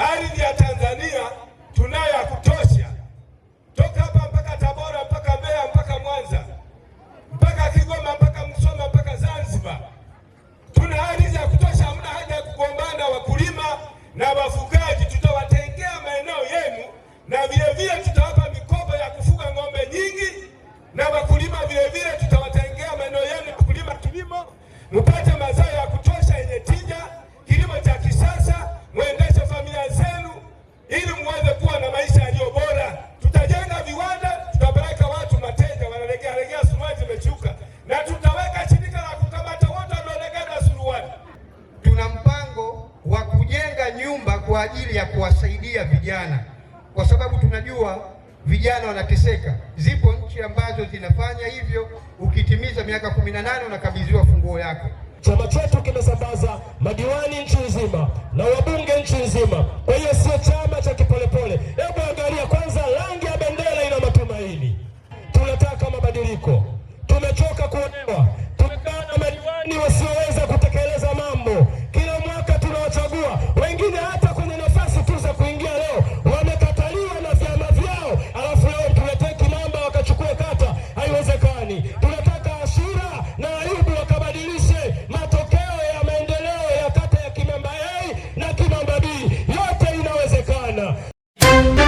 I didn't kwa ajili ya kuwasaidia vijana, kwa sababu tunajua vijana wanateseka. Zipo nchi ambazo zinafanya hivyo, ukitimiza miaka kumi na nane unakabidhiwa funguo yako. Chama chetu kimesambaza madiwani nchi nzima na wabunge Музика